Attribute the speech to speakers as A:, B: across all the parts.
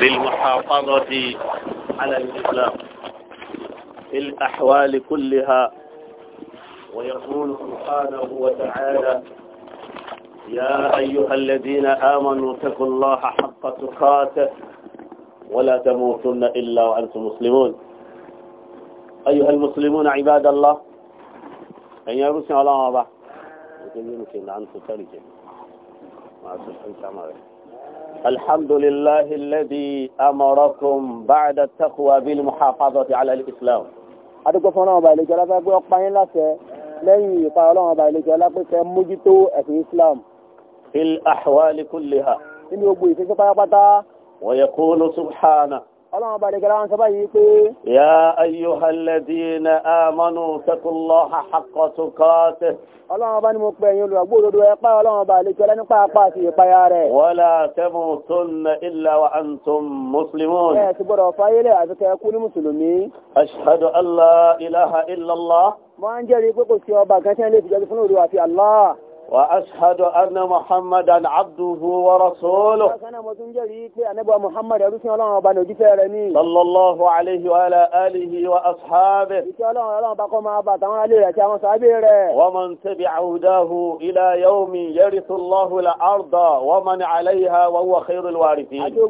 A: بالمحافظة على الإسلام في الأحوال كلها ويقول سبحانه وتعالى يا أيها الذين آمنوا اتقوا الله حق تقاته ولا تموتن إلا وأنتم مسلمون
B: أيها المسلمون
A: عباد الله أن يرسل الله وضع يمكن أن تترجم مع سبحانه الحمد لله الذي أمركم بعد التقوى بالمحافظة على الإسلام adúgbò fún ọlọ́run ọba ìlẹ́jọ́ lápẹ́ pé ọpa yín láṣẹ lẹ́yìn ìpa ọlọ́run ọba ìlẹ́jọ́ lápẹ́ kẹ mójútó ẹ̀sìn Islam. fil ahwali kulliha. nínú gbogbo ìfẹsẹ̀ pátápátá. wa yaqulu subhana ọlọ́run bá dẹ̀gẹ̀rẹ̀ wọn sọ báyìí pé. ya ayyuhal ladina amanu taqullaha haqqa tuqatih. ọlọ́run bá ní mo pẹ̀yìn olùwàgbò òdodo ẹ̀pá ọlọ́run bá lè jọlẹ́ nípa apá àti ìpayà rẹ̀. wala tamutunna illa wa antum muslimun. ẹ ti gbọ́dọ̀ fáyélẹ̀ àti kẹ́kú ní mùsùlùmí. ashhadu an ilaha illallah. wọ́n ń jẹ́rìí pé kò sí ọba kan lè fi jẹ́ fún òru Allah. وأشهد أن محمدا عبده ورسوله صلى الله عليه وعلى آله وأصحابه ومن تبع هداه إلى يوم يرث الله الأرض ومن عليها وهو خير الوارثين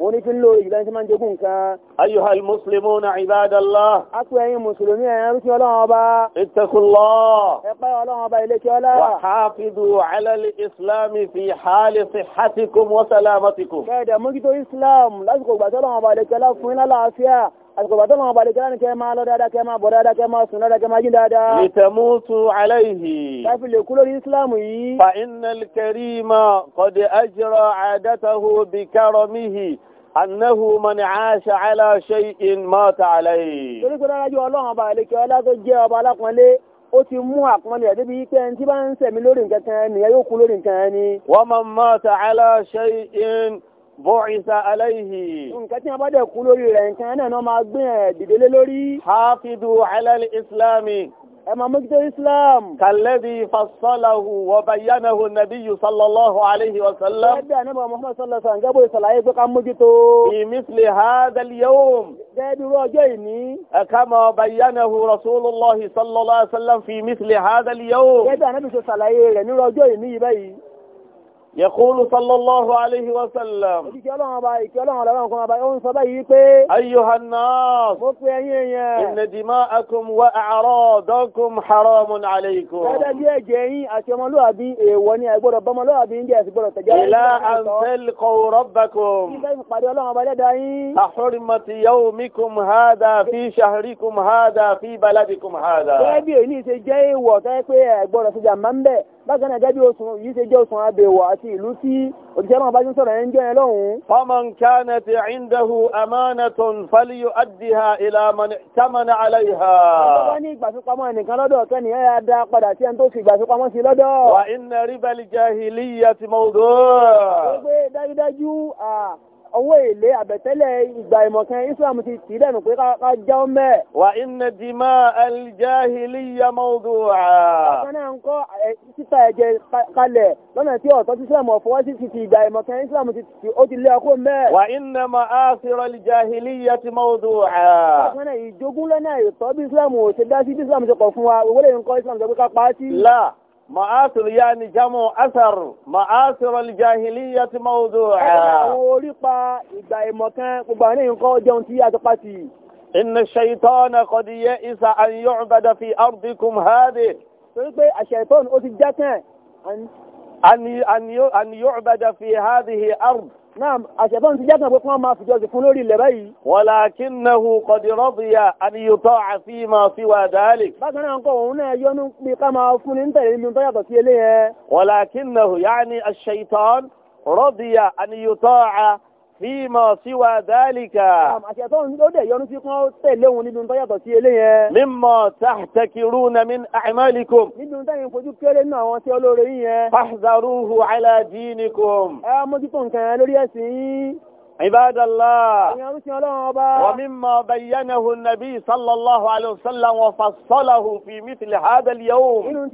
A: wọ́n ní kí ló ìgbà tí máa ń jogún nǹkan. ayuha muslimu na ibadallah. a kú ẹ̀yin mùsùlùmí ẹ̀yàn rúkí ọlọ́run ọba. ittaqullaha. ẹ pẹ́ ọlọ́run ọba ilé kí ọlá. wa hafizu ala al-islam fi hali sihhatikum wa salamatikum. kẹ́ẹ̀dẹ̀ mú kí tó islam lásìkò ìgbà ọlọ́run ọba ilé kí ọlá fún yín lálàáfíà àsìkò tó lọ́wọ́ balẹ̀ kíláàni kẹ́ máa lọ dáadáa kẹ́ máa bọ̀ dáadáa kẹ́ máa sùn dáadáa kẹ́ máa jí dáadáa. ìtẹ̀mútu aláìhì. káfí lè kú lórí islam yìí. fa innal karima qad ajra adatahu bi karamihi annahu man aasha shay'in mata alayhi. torí pé dára ju ọlọ́run ọba àlekẹ́ ọlá tó ọba alákùnrin ó ti mú àpọ́nlé ẹ̀ débi pé ẹni bá ń sẹ̀mí lórí nǹkan kan nìyẹn yóò kú lórí nǹkan kan ni. wa man mata ala shay'in bọ́ọ̀ìsà aláìhì. nǹkan tí a bá dẹ̀ kú lórí rẹ̀ nǹkan náà náà máa gbé ẹ̀ dìde lé lórí. hafidu alal islami. ẹ máa mójútó islam. kàlẹ́bí fasọ́láhu wọ̀bàyánahu nàbíyù sallallahu alayhi wa sallam. gẹ́gẹ́ bí anábọ̀ muhammad sallallahu alayhi wa sallam gẹ́gbó ìsàlàyé pé ká mójútó. ìmísìlì hadal yawm. gẹ́gẹ́ bí ọjọ́ ìní. kama bayanahu rasulullahi sallallahu alayhi wa sallam fi mísìlì hadal yawm. gẹ́gẹ́ bí anábì يقول صلى الله عليه وسلم أيها الناس إن دماءكم وأعراضكم حرام عليكم إلى أن تلقوا ربكم أحرمة يومكم هذا في شهركم هذا في بلدكم هذا bákan náà gẹ́gẹ́ bí oṣù yìí ṣe jẹ́ oṣù àbẹ̀wò àti ìlú tí òṣìṣẹ́ náà bá ń sọ̀rọ̀ ẹ̀ ń jẹ́ ẹ lọ́hùn. faman kanat indahu amanatun falyu'addiha ila man tamana alayha. ọba ní ìgbàfipamọ́ ẹnìkan lọ́dọ̀ kẹ́ni ẹ̀ yá dá padà sí ẹni tó fi ìgbàfipamọ́ sí lọ́dọ̀. wa inna ribal jahiliyyati mawdu'. ó gbé dájúdájú owó èlé àbẹ̀tẹ́lẹ̀ ìgbà ìmọ̀kan islam ti tì í dẹ̀nu pé ká jẹ́ mẹ́. wà inna dima al-jahiliya mawdu'a. bákan náà ń kọ́ títa ẹ̀jẹ̀ kalẹ̀ lọ́nà tí ọ̀tọ́ tí islam ọ̀fọwọ́ sí ti ti ìgbà ìmọ̀kan islam ti ó ti lé ọkọ mẹ́. wà inna ma'asira al-jahiliya mawdu'a. bákan náà ìjogún lọ́nà ìtọ́ wa òwúrẹ̀ nǹkan islam ṣe pé ma'asir ya ni jamu asar ma'asir aljahiliya ti mawudu a. àwọn orípa ìgbà ìmọ̀kan gbogbo àwọn èèyàn kọ́ jẹun tí a ti pa sí. inna shaitana qad ya'isa an yu'bada fi ardikum hadhihi. torí pé àṣẹ̀tọ́n ó ti jẹ́ tán. an yu'bada fi hadhihi ard náà àṣẹ̀bọ́n ti jákàn pé kí wọ́n máa fi jọ́sìn fún lórí ilẹ̀ báyìí. walakinnahu qad radiya an yuta'a fima siwa dhalik. bákan náà nǹkan òun náà yọnu pé ká máa fún ní tẹ̀lé ní tó ya'ni ash-shaytan radiya an yuta'a mímọ síwá dálíkà. àṣẹ tó ń lóde yọnu sí kán tẹ̀lé òun nínú tó yàtọ̀ sí eléyẹn. mímọ tàtàkìrú na min àìmọ́lìkùm. nínú táyìn fojú kéré nínú àwọn tí olóore yìí yẹn. fàṣàrúhù àlàdínìkùm. ẹ mójútó nǹkan lórí ẹ̀sìn yìí. عباد الله ومما بينه النبي صلى الله عليه وسلم وفصله في مثل هذا اليوم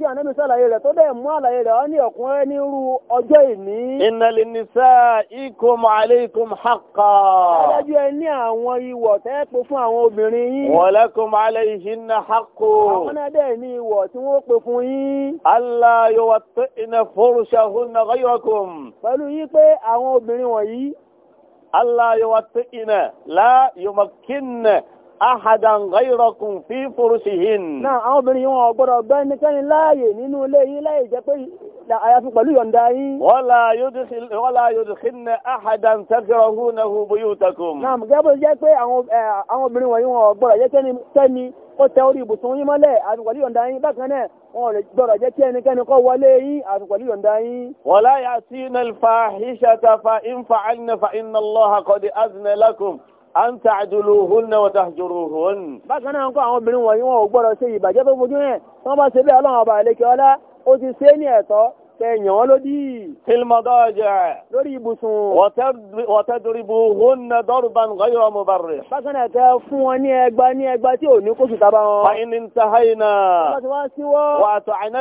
A: إن للنسائكم عليكم حقا ولكم عليهن حق ألا يوطئن فرشهن غيركم Allah yóò wá sí iná lá yóò ahadan ghayrakum fi furusihin. náà àwọn obìnrin yìí wọn gbọ́dọ̀ gbẹ́ nìkẹ́ni láàyè nínú ilé yìí láì jẹ́ pé àyàfi pẹ̀lú yọ̀ǹda yín. wala yudkhinna ahadan takrahunahu buyutakum. náà gẹ́gẹ́ bó jẹ́ pé àwọn obìnrin wọ̀nyí wọn gbọ́dọ̀ jẹ́ kẹ́ni tẹ́ni ó tẹ orí ibùsùn yín mọ́lẹ̀ àfi pẹ̀lú yọ̀ǹda yín bákan náà wọn lè gbọ́dọ̀ jẹ́ kí ẹnikẹ́ni kó wọlé yín àti pẹ̀lú yọ̀ǹda yín. wala yatina al-fahishata fa in fa'alna fa an ta'duluhunna wa tahjuruhunna. bákan náà kó àwọn obìnrin wọ̀nyí wọn ò gbọ́dọ̀ ṣe ìbàjẹ́ tó fojú yẹn wọ́n bá ṣe bẹ́ẹ̀ ọlọ́run ọba àlekè ọlá ó ti ṣe é ní ẹ̀tọ́ kẹyàn wọn lódì. tilmadọ́jà. lórí ibùsùn. wọ́tẹ́dùrìbù húnna dọ́rùbán gọ́yọ̀ ọmọ bàrẹ̀. bákan náà tẹ fún wọn ní ẹgbà ní ẹgbà tí ò ní kóṣù tábà wọn. fa in intahayna. wọ́n ti wá sí wọ́. wọ́n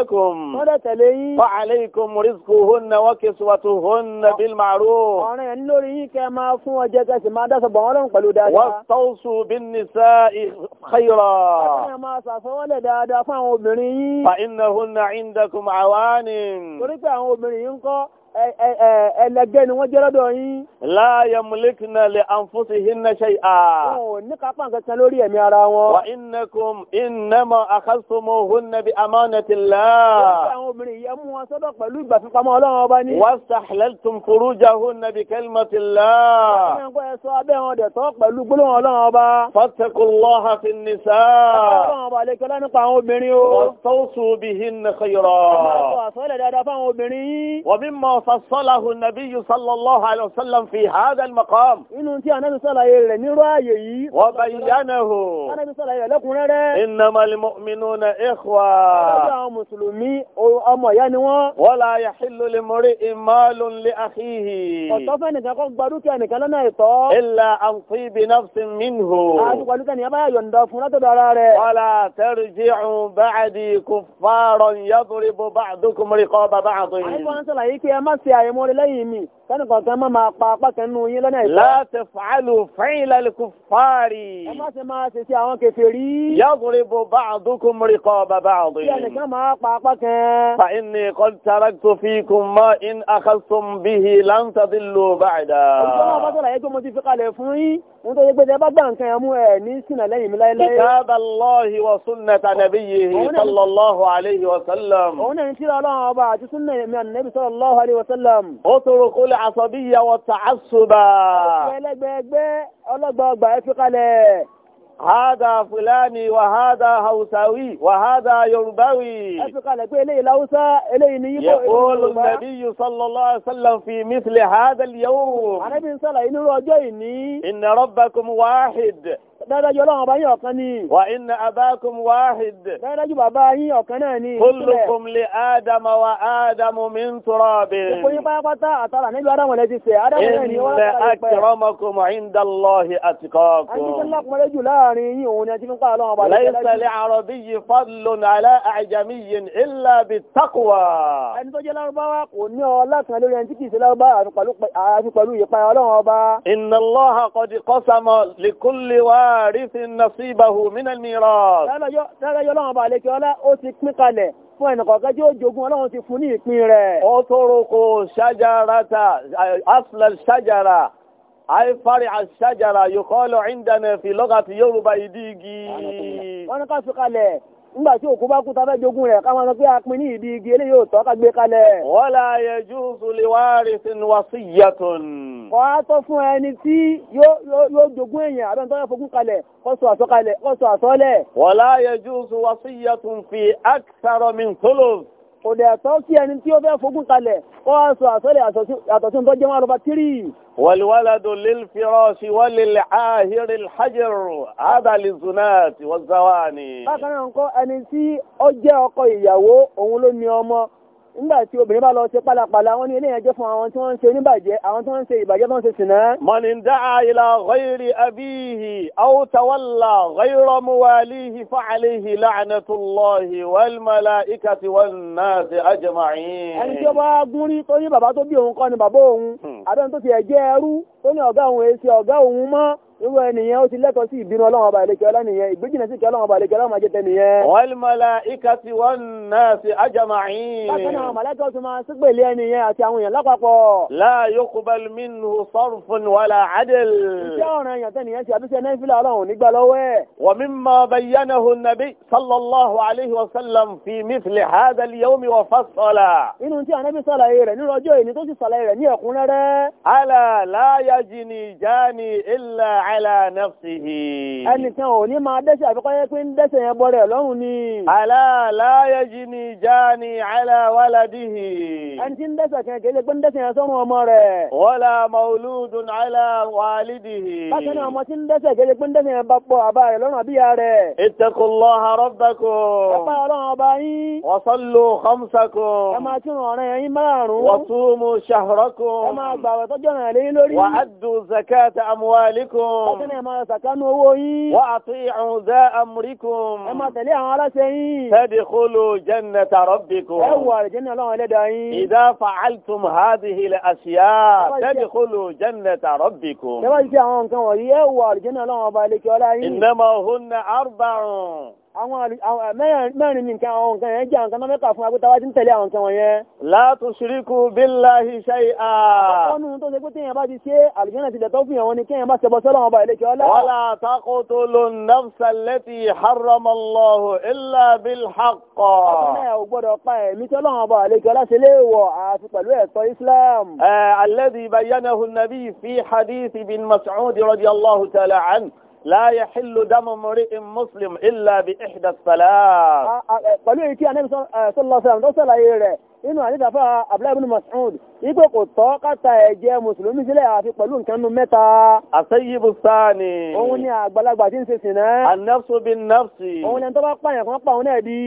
A: dẹ̀ tẹ̀lé yín. fa alaykum rizquhunna wa kiswatuhunna bil ma'ruf. ọ̀rẹ́ yẹn lórí yín kẹ́ máa fún wọn jẹ́ kẹ́sì máa dá sọ̀bọ̀ wọn lọ́rùn pẹ̀lú dáadáa. wastawsu bin nisa'i khayra. bákan náà máa sàfọwọ́lẹ̀ dáadáa fún àwọn obìnrin yín. fa innahunna indakum awanin torí pé àwọn obìnrin yìí ń kọ́ ẹlẹgbẹ́ ni wọ́n jẹ́ lọ́dọ̀ yín. láàyè múlẹ́kìnà lè ànfúsì hinna ṣe à. ní kápá nǹkan kan lórí ẹ̀mí ara wọn. wà innakum innama akhasumuhunna bi amanatillah. wọ́n àwọn obìnrin yẹn mú wọn sọ́dọ̀ pẹ̀lú ìgbàfipamọ́ ọlọ́run ọba ní. wastahlaltum furujahunna bi kalimatillah. fattaqullaha fin nisa. wọ́n mímọ́ فصله النبي صلى الله عليه وسلم في هذا المقام آية وبينه إنما المؤمنون إخوة ولا يحل لمرئ مال لأخيه إلا أن طيب نفس منه ولا ترجعوا بعدي كفارا يضرب بعضكم رقاب بعض ṣe àyẹ̀mọ́ rẹ lẹ́yìn mi kẹ́nìkan kan máa máa pa apá kan nù yín lọ́nà ìgbà. láti fàálù fẹ́yìn lálẹ́kù fáàrí. ẹ má ṣe máa ṣe sí àwọn kèfèrí. yàgùnrin bo bá àdúkù mìíràn kọ́ bàbá àdúgbò. bí ẹnìkan máa pa apá kan. fa inni qad taraktu fikum ma in akhadtum bihi lan tadillu ba'da. òṣèlú ọba tó láyé tó mo ti fi kalẹ̀ fún yín. mo tó yẹ pé ẹ bá gbà nǹkan ẹ̀ mú ẹ̀ ní sínà lẹ́yìn mi láéláé. kitaballahi العصبية والتعصب هذا فلاني وهذا هوساوي وهذا يربوي يقول النبي صلى الله عليه وسلم في مثل هذا اليوم إن ربكم واحد dáadájú ọlọ́run bá yín ọ̀kan ni. wà inna abákum wáhid. dáadájú bàbá yín ọ̀kan náà ni. kullukum li ádámà wa ádámù min turabin. ìpò yín pátápátá àtàrà níbi ádámù rẹ ti fẹ́. ádámù rẹ ni wọ́n lára ìpẹ́. inna akramakum inda Allahi atqakum. àti sẹ́lá kumalẹ́ jù láàrin yín òun ni a ti fi pa ọlọ́run ọba wárìsì nasíbàhù mínal míràs. dáadáa yọ lọ́wọ́ balẹ̀ kí ọlá ó ti pín kalẹ̀ fún ẹnìkọ̀ọ̀kan tí ó jogún ọlọ́run ti fún ní ìpín rẹ̀. ó tóró ko ṣájárata aslal ṣájára àìfárí àṣájára yòókọ́ lọ ìndánẹ́fì lọ́gàtí yorùbá ìdí igi. wọ́n ní ká fi kalẹ̀ nígbà tí òkú bá kú tá fẹ́ rẹ̀ káwọn sọ pé a pin ní ibi igi eléyìí ò ká gbé kalẹ̀. wala yajuzu liwarithin wasiyyatun. kọ́ á sọ fún ẹni tí yóò jogún èèyàn àbẹ́ nítorí fogún kalẹ̀ kó sọ àsọkalẹ̀ kó sọ àsọlẹ̀. wala yajuzu wasiyyatun fi akthara min thuluth kò dẹ̀ tọ́ sí ẹni tí ó fẹ́ fogún kalẹ̀ kó wá sọ àsọ́lẹ̀ tó jẹ́ wọn lọ́ba tírì. wàlúwàládù nígbà tí obìnrin bá lọ ṣe pálapàla wọn ní eléyàn jẹ́ fún àwọn tí wọ́n ń ṣe oníbàjẹ́ àwọn tí wọ́n ń ṣe ìbàjẹ́ tó ń ṣe sìnà. mọ̀nì dáa ilà ghayri abiyihi aw tawalla ghayra muwalihi fa alayhi la'natullahi wal malaikati wan ẹni tí ó bá gún rí tó ní bàbá tó bí òun kọ́ ni bàbá òun hmm. àbẹ́ni tó ti ẹ̀ ẹrú tó ní ọ̀gá òun èsì ọ̀gá òun mọ́ irú ẹnìyẹn ó ti lẹ́tọ̀ọ́ sí ìbínú ọlọ́run ọba ìlẹ́kẹ́ ọlá nìyẹn ìgbéjìnà sí ìkẹ́ ọlọ́run ọba ìlẹ́kẹ́ ọlọ́run máa jẹ́ tẹ́ nìyẹn. wal malaikati wan nasi ajma'in. bákan náà màláìka ó ti máa sípèlé ẹnìyẹn àti àwọn èèyàn lápapọ̀. la yuqbal minhu sarfun wala iṣẹ́ ọ̀ràn èèyàn tẹ́ nìyẹn ti àbíṣe ala nafsihi. ẹnìkan ò ní máa dẹ́sẹ̀ àfikọ́ yẹ pé ń dẹ́sẹ̀ yẹn bọ́rẹ̀ lọ́rùn ni. ala la yajini jani ala waladihi. ẹni tí ń dẹ́sẹ̀ kẹ́ kẹ́ lè pé ń dẹ́sẹ̀ yẹn sọ́run ọmọ rẹ̀. wala mauludun ala walidihi. bákan náà ọmọ tí ń dẹ́sẹ̀ kẹ́ lè pé ń dẹ́sẹ̀ yẹn bá pọ̀ àbá rẹ̀ lọ́rùn àbíyá rẹ̀. ittaqullaha rabbakum. ẹ pa zakata amwalikum ọdún ẹ̀ máa sàkánú owó yín. wà á ti ìrùn zẹ́ amúríkùn. ẹ máa tẹ̀lé àwọn aláṣẹ yín. tẹ́bi kúlù jẹ́nẹ̀ tààrọ́ bì kù. ẹ wà rẹ̀ àwọn eh, mẹ́rin ní nǹkan àwọn nǹkan yẹn jẹ́ àwọn nǹkan mẹ́ta fún agbóta wá tí ń tẹ̀lé àwọn nǹkan wọ̀nyẹn. la tushriku billahi shay'a. ọ̀nù tó ṣe pé téèyàn bá ti ṣe àlùjànnà tilẹ̀ tó fìyàn wọn ni kéèyàn bá ṣẹbọ sọ́lọ́ ọba ìlẹ́kẹ̀ ọlá. wala taqtulu nafsa allati harrama Allahu illa bil haqq. ọkùnrin ò gbọ́dọ̀ pa ẹ̀mí tí la yahillu damu mri'in muslim illa bi ihda salat. pẹ̀lú èyí tí anabi sallallahu alaihi wasallam tó sàlàyé rẹ̀ inú àdídàfà abdullahi bin mas'ud ipò kò tọ́ káta ẹ̀jẹ̀ mùsùlùmí sílẹ̀ àfi pẹ̀lú nǹkan nu mẹ́ta. àṣeyíbu sáàni. òun ni àgbàlagbà tí ń ṣe sìn náà. an-nafsu bin nafsi. òun ni ẹni tó bá pààyàn kan pààrọ̀ náà di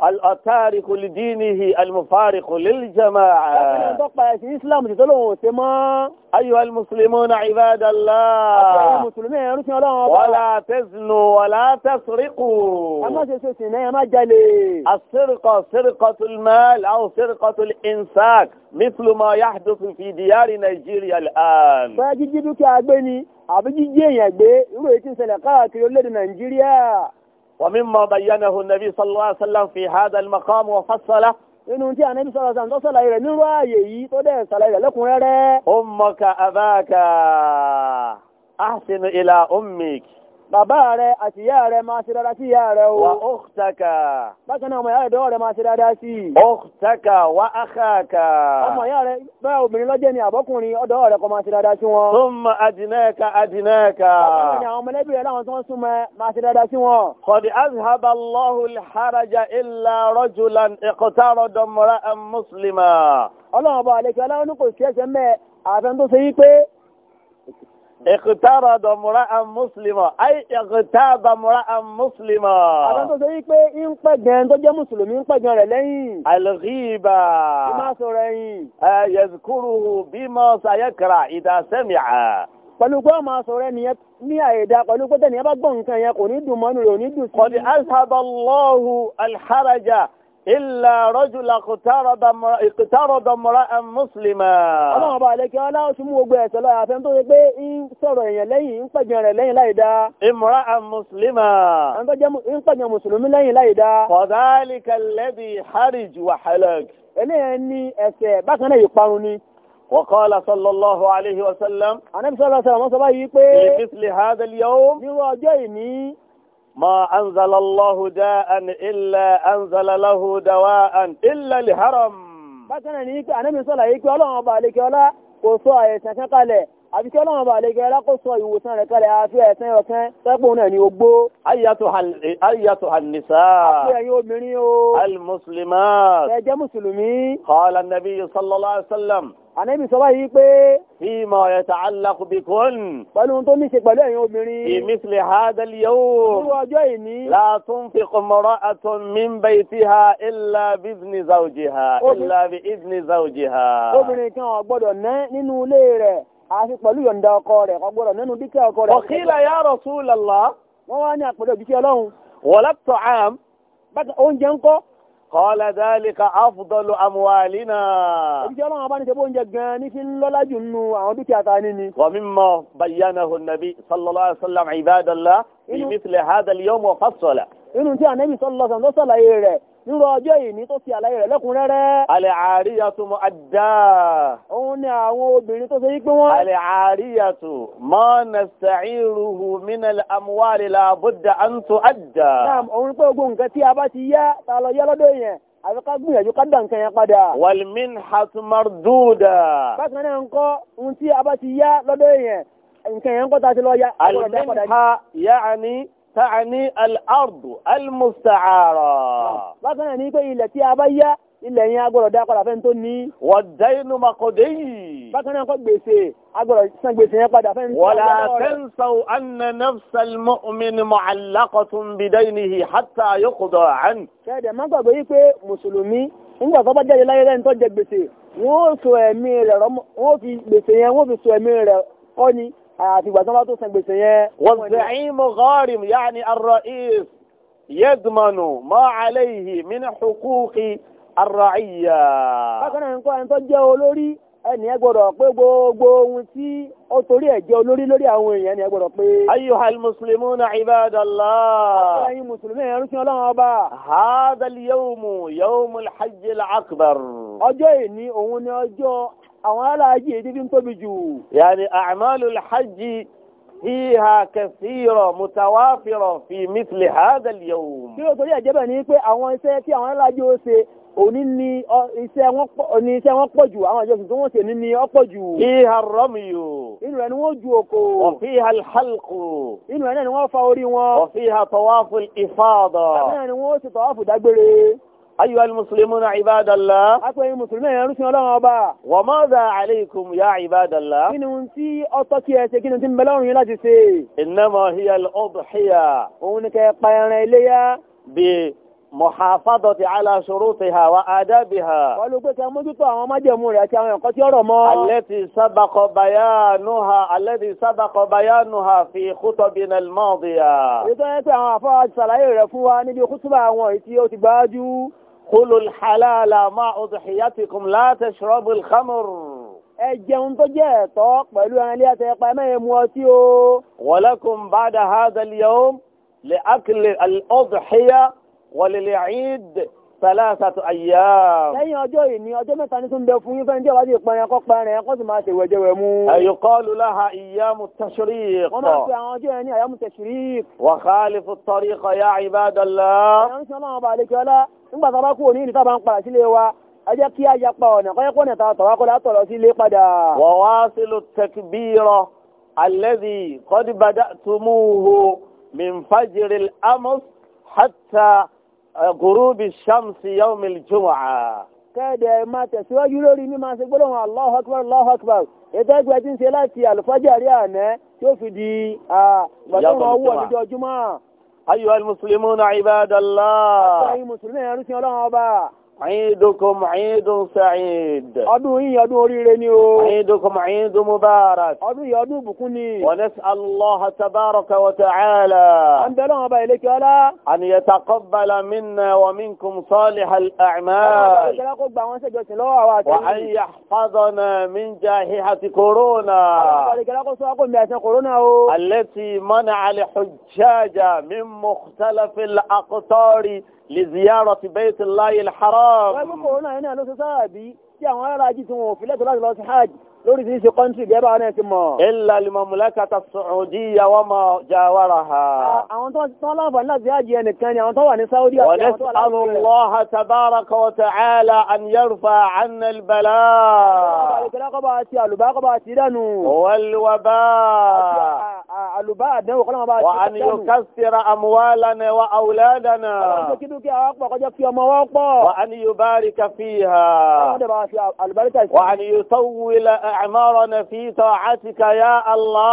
A: àtàríkù dínihì almufariqu liljamaa. Ọkùnrin tó pàyà sí Islam ti tọ́lọ́wọ́ ṣe mọ́. Ayò almuslimuna ibadallah. Ọkùnrin Mùsùlùmí ẹ̀rú sí ọlọ́run ọba. Wala taznu wala tasriqu. A máa ṣe ṣe sì náà, a máa jalè. Àṣírkọ̀ sírkọ̀tul mal, àwọn sírkọ̀tul insak, mithlu ma yahdathu fi diyari Nàìjíríà al'an. Bá jíjí dúkìá gbé ni, àbí jíjí èèyàn gbé, irú èyí tí ń ṣẹlẹ̀ káàkiri orílẹ̀-èdè Nàìjíríà. ومما بينه النبي صلى الله عليه وسلم في هذا المقام وفصله nínú tí ànábì sọ̀rọ̀ sàn tó sàlàyé rẹ̀ nínú ààyè yìí tó dẹ̀ sàlàyé rẹ̀ lẹ́kùnrẹ́rẹ́. ummaka abaka ahsinu ila ummik bàbá rẹ àti ìyá rẹ máa ṣe dáadáa sí ìyá rẹ o. wa ọ̀tàkà. bákan náà ọmọ ìyá rẹ dọ́wọ́ rẹ máa ṣe dáadáa sí i. ọ̀tàkà wa àkàkà. ọmọ ìyá rẹ bẹ́ẹ̀ obìnrin lọ́jẹ́ ni àbọ́kùnrin ọ̀dọ́wọ́ rẹ kọ́ máa ṣe dáadáa sí wọn. tó ma àdínẹ́ẹ̀ka àdínẹ́ẹ̀ka. bákan náà àwọn mọ̀lẹ́bí rẹ láwọn tí wọ́n súnmọ́ máa ṣe dáadáa sí wọn. Ìkùtàrà dọ̀mùrà àn Mùsùlùmọ̀. Ayé ìkùtà dọ̀mùrà àn Mùsùlùmọ̀. Àwọn tó ṣe yí pé ń pẹ̀gàn tó jẹ́ Mùsùlùmí ń pẹ̀gàn rẹ̀ lẹ́yìn. Àlùkìbà. Bí máa sọ̀rọ̀ ẹ̀yìn. Ẹ yẹ̀zukúrú bí máa ṣàyẹ̀kàrà ìdásẹ́mìà. Pẹ̀lú pé ọmọ sọ̀rọ̀ ẹni yẹn ní àìdá pẹ̀lú pé tẹ̀yìn bá gbọ́ nǹkan yẹn kò ní dùn mọ́nu rẹ̀ ò ní dùn sí. Kọ̀dí ilà rọ́jù làkùtàrọ̀dọ̀ mọ́ra ẹ̀ mùsùlùmá. ọlọ́run ọba àlekè ọlá ó ti mú gbogbo ẹ̀sẹ̀ lọ́yà afẹ́ tó ṣe pé ń sọ̀rọ̀ èèyàn lẹ́yìn ń pẹ̀jẹ̀ rẹ̀ lẹ́yìn láì dáa. ìmọ̀ra ẹ̀ mùsùlùmá. ń pẹ̀jẹ̀ mùsùlùmí lẹ́yìn láì dáa. kọ̀dáàlì kẹlẹ́bì harij wà halak. eléyàn ní ẹsẹ̀ bákan náà ìparun ni. وقال صلى الله عليه وسلم النبي صلى الله عليه وسلم في مثل هذا اليوم ما أنزل الله داء إلا أنزل له دواء إلا الهرم bákan ní pé ànábì sọ́lá yìí pé ọlọ́run ọba àlekè ọlá kò sọ àìsàn kan kalẹ̀ àbí kí ọlọ́run ọba àlekè ọlá kò sọ ìwòsàn rẹ̀ kalẹ̀ àfi ẹ̀sán ọ̀kan sẹ́pọ̀ náà ní ogbó. ayyatu hannisa. àti ẹ̀yin obìnrin o. al-muslimat. ẹ jẹ́ mùsùlùmí. qala an-nabiy sallam ànábì sọ báyìí pé. fíìmọ̀ ẹ̀ta alákùbíkún. pẹ̀lú tó ní ṣe pẹ̀lú ẹ̀yin obìnrin. ìmísìlẹ̀ hádàlì yóò. irú ọjọ́ ìní. látún fi kọmọrọ́ àtún min baytiha illa bí ìdíni zawjiha. illa bí ìdíni zawjiha. obìnrin kan ò gbọ́dọ̀ ná nínú ilé rẹ̀ àfi pẹ̀lú yọ̀ǹda ọkọ rẹ̀ kò gbọ́dọ̀ nínú dúkìá kọ́lá dálíkà áfùdọ́lù amúhàlínà. ẹbí ọlọ́run abá ní ṣe bóúnjẹ gan ní fi ń lọ́lá jù nù àwọn dúkìá ta ní ni. wọ́n mímọ bayyana hunabi sallallahu alayhi wa sallam ibadala imithile hadal yom wa fasola. inú tí anabi sallallahu alayhi wa sallam ṣàlàyé rẹ̀ ọjọ́ yìí ní tó fi àlàyé rẹ̀ lẹ́kùnrẹ́rẹ́. alẹ́ àríyá tó mọ adá ní àwọn obìnrin tó ṣe yí pé wọ́n. alẹ́ àríyàtò mọ́nàṣà ìrùhù mínàlẹ̀ amúwárẹ̀ làbúdà à ń tó àjà. naam òun pé ogun nǹkan tí a bá ti yá ta lọ yá lọ́dọ̀ yẹn àfi ká gbìyànjú ká dà nǹkan yẹn padà. walmin hasmar duda. bákan náà ń kọ́ ohun tí a bá ti yá lọ́dọ̀ yẹn nǹkan yẹn ń kọ́ ta ti lọ yá. almin ha yaani taani al al-musta'ara. bákan náà ní pé ilẹ̀ tí a bá yá ilẹ̀ yẹn agbọ́dọ̀ dá padà fẹ́ni tó ní. wọ́n dá inú makọ̀dé yìí. bákan náà kọ́ gbèsè agbọ́dọ̀ san gbèsè yẹn padà fẹ́ni tó wà lọ́wọ́ rẹ̀. wàlá tẹ́ǹsán anna nafsal mu'min mu'allaqatun bidaynihi hatta yuqda an. kẹ́ẹ̀dẹ̀ má gbàgbé yìí pé mùsùlùmí nígbà tó bá jáde láyé lẹ́ni tó jẹ gbèsè wọ́n fi gbèsè yẹn wọ́n fi so ẹ̀mí rẹ̀ kọ́ ni àti ìgbà tó bá tó san gbèsè yẹn. wọ́n zẹ̀yìn mọ̀ gọ́ọ̀rìm yáà ni arọ́ ìs yẹ́dùmọ̀nù mọ́ àlẹ́ yìí mí arraiya. bákan náà nǹkan ẹni tó jẹ́ olórí ẹni ẹ gbọ́dọ̀ pé gbogbo ohun tí ó torí ẹ̀ jẹ́ olórí lórí àwọn èèyàn ẹni ẹ gbọ́dọ̀ pé. ayyuhal muslimuna ibadallah. ọ̀sẹ̀ yìí mùsùlùmí ẹ̀rú sí ọlọ́run ọba. hadal yawmu yawmul hajjil akbar. ọjọ́ ìní òun ni ọjọ́ àwọn aláàjì èdè fi ń tóbi jù. yàní a'malul hajji ìhà kẹsìrọ̀ mùtàwáfìrọ̀ fi mìtìlẹ̀ hádàlìyàwó. kí ló torí ẹ̀jẹ̀ bẹ̀ ni pé àwọn iṣẹ́ tí àwọn alájò ṣe òní ni iṣẹ́ wọn pọ̀ jù àwọn ìjọsìn tó wọ́n ṣe ní ni ó pọ̀ jù. ìhà inú rẹ̀ ni wọ́n ju òkò. ọ̀fi ìhà inú rẹ̀ ni wọ́n fa orí wọn. ọ̀fi ìhà tọ́wáfù àbẹ́rẹ́ ni wọ́n ṣe tọ́wáfù dágbére. أيها المسلمون عباد الله أكوى المسلمين يرسل الله أبا وماذا عليكم يا عباد الله إن أنتي أطاكي أتكين أنتم بلون يلاجسي إنما هي الأضحية هناك يقيان إليا بمحافظة على شروطها وآدابها التي سبق بيانها الذي سبق بيانها في خطبنا الماضية قلوا الحلال مع اضحيتكم لا تشربوا الخمر اجاهم فجاتا قبلوا ان ياتيق ما يمواتيو ولكم بعد هذا اليوم لاكل الاضحيه وللعيد ثلاثه ايام اي اجوي ني اجو متا ني سون دفو ني فان جوا دي بان كو بان كو سما سي وجو ومو يقال لها ايام التشريق وما في اجو ني ايام التشريق وخالف الطريق يا عباد الله ان شاء الله عليك ولا nígbà tá a bá kúrò ní ìdíta bá ń padà sílé wa ẹ jẹ́ kí a yapa ọ̀nà kọ́yẹ́ pọ̀nà tá a tọ̀ wá kọ́ látọ̀ lọ sílé padà. wọ́n wá sílò tẹkbírọ alẹ́bí kọ́díbadà tumuhu minfajiri amos hatta gurubi shamsi yawmil jumu'a. kẹ́ẹ̀dẹ̀ máa tẹ̀síwájú lórí mi máa ṣe gbólóhùn Allahu akbar Allahu akbar ètò ẹgbẹ́ ti ń ṣe láti àlùfájàrí àná tí ó fi di gbàdúrà owó ọ̀dọ́jọ́ jùmọ̀. أيها المسلمون عباد الله أيها المسلمين يا نسي الله عيدكم عيد سعيد أدو إيه أدو ريرينيو عيدكم عيد مبارك أدو يا أدو بكوني ونسأل الله تبارك وتعالى أن دلوها بإليك ألا أن يتقبل منا ومنكم صالح الأعمال وأن يحفظنا من جائحة كورونا التي منع الحجاج من مختلف الأقطار lè ziyarọ̀ ti baytillahi al-haram. wọ́n mú kòrónà yẹn náà ló ṣe sáàbí tí àwọn aráàjì tí wọn ò fi lẹ́tọ̀ọ́ láti lọ sí hajj lórí ti ṣe kọ́ńtì gẹ́gẹ́ àwọn ẹ̀sìn mọ̀. illa al-mamlakata as-Saudiya wa ma jawaraha. àwọn tó tán láǹfààní láti hajj yẹn nìkan ni àwọn tó wà ní Saudi àti àwọn tó wà láti. wa nas'alu Allaha tabaraka wa ta'ala an yarfa 'anna al-bala. àlùbákọ́bà àti àlùbákọ́bà àti ìdánù. wal waba àlùbá àdánwò kọ́lọ́mọba àti ìtàkùn. wà á ní yóò kásìra àmúwálánà wa àwùládànà. ọlọ́run kí dúkìá wa pọ̀ kọjá kí ọmọ wa pọ̀. wà á ní yóò bárí káfí ha. wà á ní yóò sọ́wọ́lá àmọ́rọ̀ na fi tọ́ àti kàyà Allah.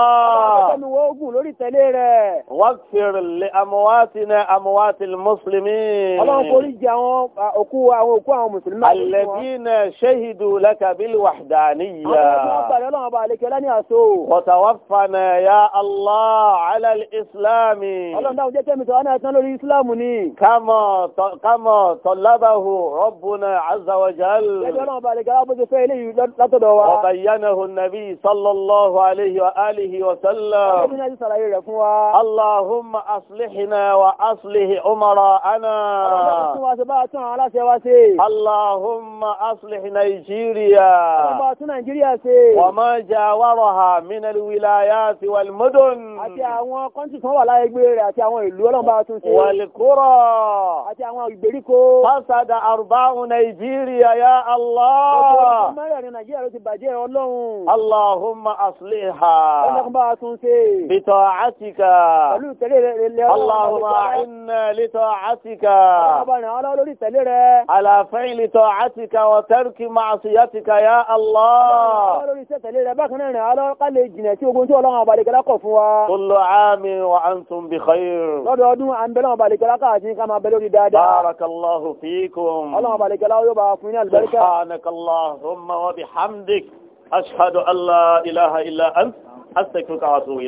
A: ọlọ́run wo ogun lórí tẹ̀lé rẹ̀. wákìrì lè àmúwátì na àmúwátì mùsùlùmí. ọlọ́run forí jẹ àwọn òkú àwọn òkú àwọn mùsùlùmí. alladhina shahidu laka bil wahdaniyya. àwọn ọmọ ọba àlekẹ́lá ní àṣọ. wọ́tawáfà náà yá Allah. الله على الإسلام كما كما طلبه ربنا عز وجل وبينه النبي صلى الله عليه وآله وسلم اللهم أصلحنا وأصلح أمراءنا اللهم أصلح نيجيريا وما جاورها من الولايات والمدن àti àwọn kọ́ńtì kan wà láyé gbé rẹ̀ àti àwọn ìlú ọlọ́run bá tún ṣe. wàlìkúrọ̀ àti àwọn ìgbèríko. pásádà àrùbáhùn nàìjíríà yá allah. ọ̀pọ̀ mẹ́rẹ̀ẹ̀rin nàìjíríà ló ti bàjẹ́ ọlọ́run. allahumma asliha. ọlọ́run bá tún ṣe. bitọ̀ àtìkà. pẹ̀lú tẹ̀lé rẹ̀ lẹ́ allahumma inna litọ̀ àtìkà. alàfẹ́yìn litọ̀ àtìkà wọ tẹ́rìkì màṣíyàtìkà yá allah. ọlọ́run tẹ̀lé rẹ̀ bákan náà rìn alọ́ kullu aami wa antum bi khair. lọ́dọọdún à ń bẹ̀rẹ̀ wọn balẹ̀ kẹlá káàkiri ká máa bẹ̀rẹ̀ orí dáadáa. barakallahu fiikum. ọlọ́wọ́n balẹ̀ kẹlá yóò bá fún yín àlùbáríkà. subhanakallahumma wa bihamdik ashhadu an la ilaha illa ant astaghfiruka wa atubu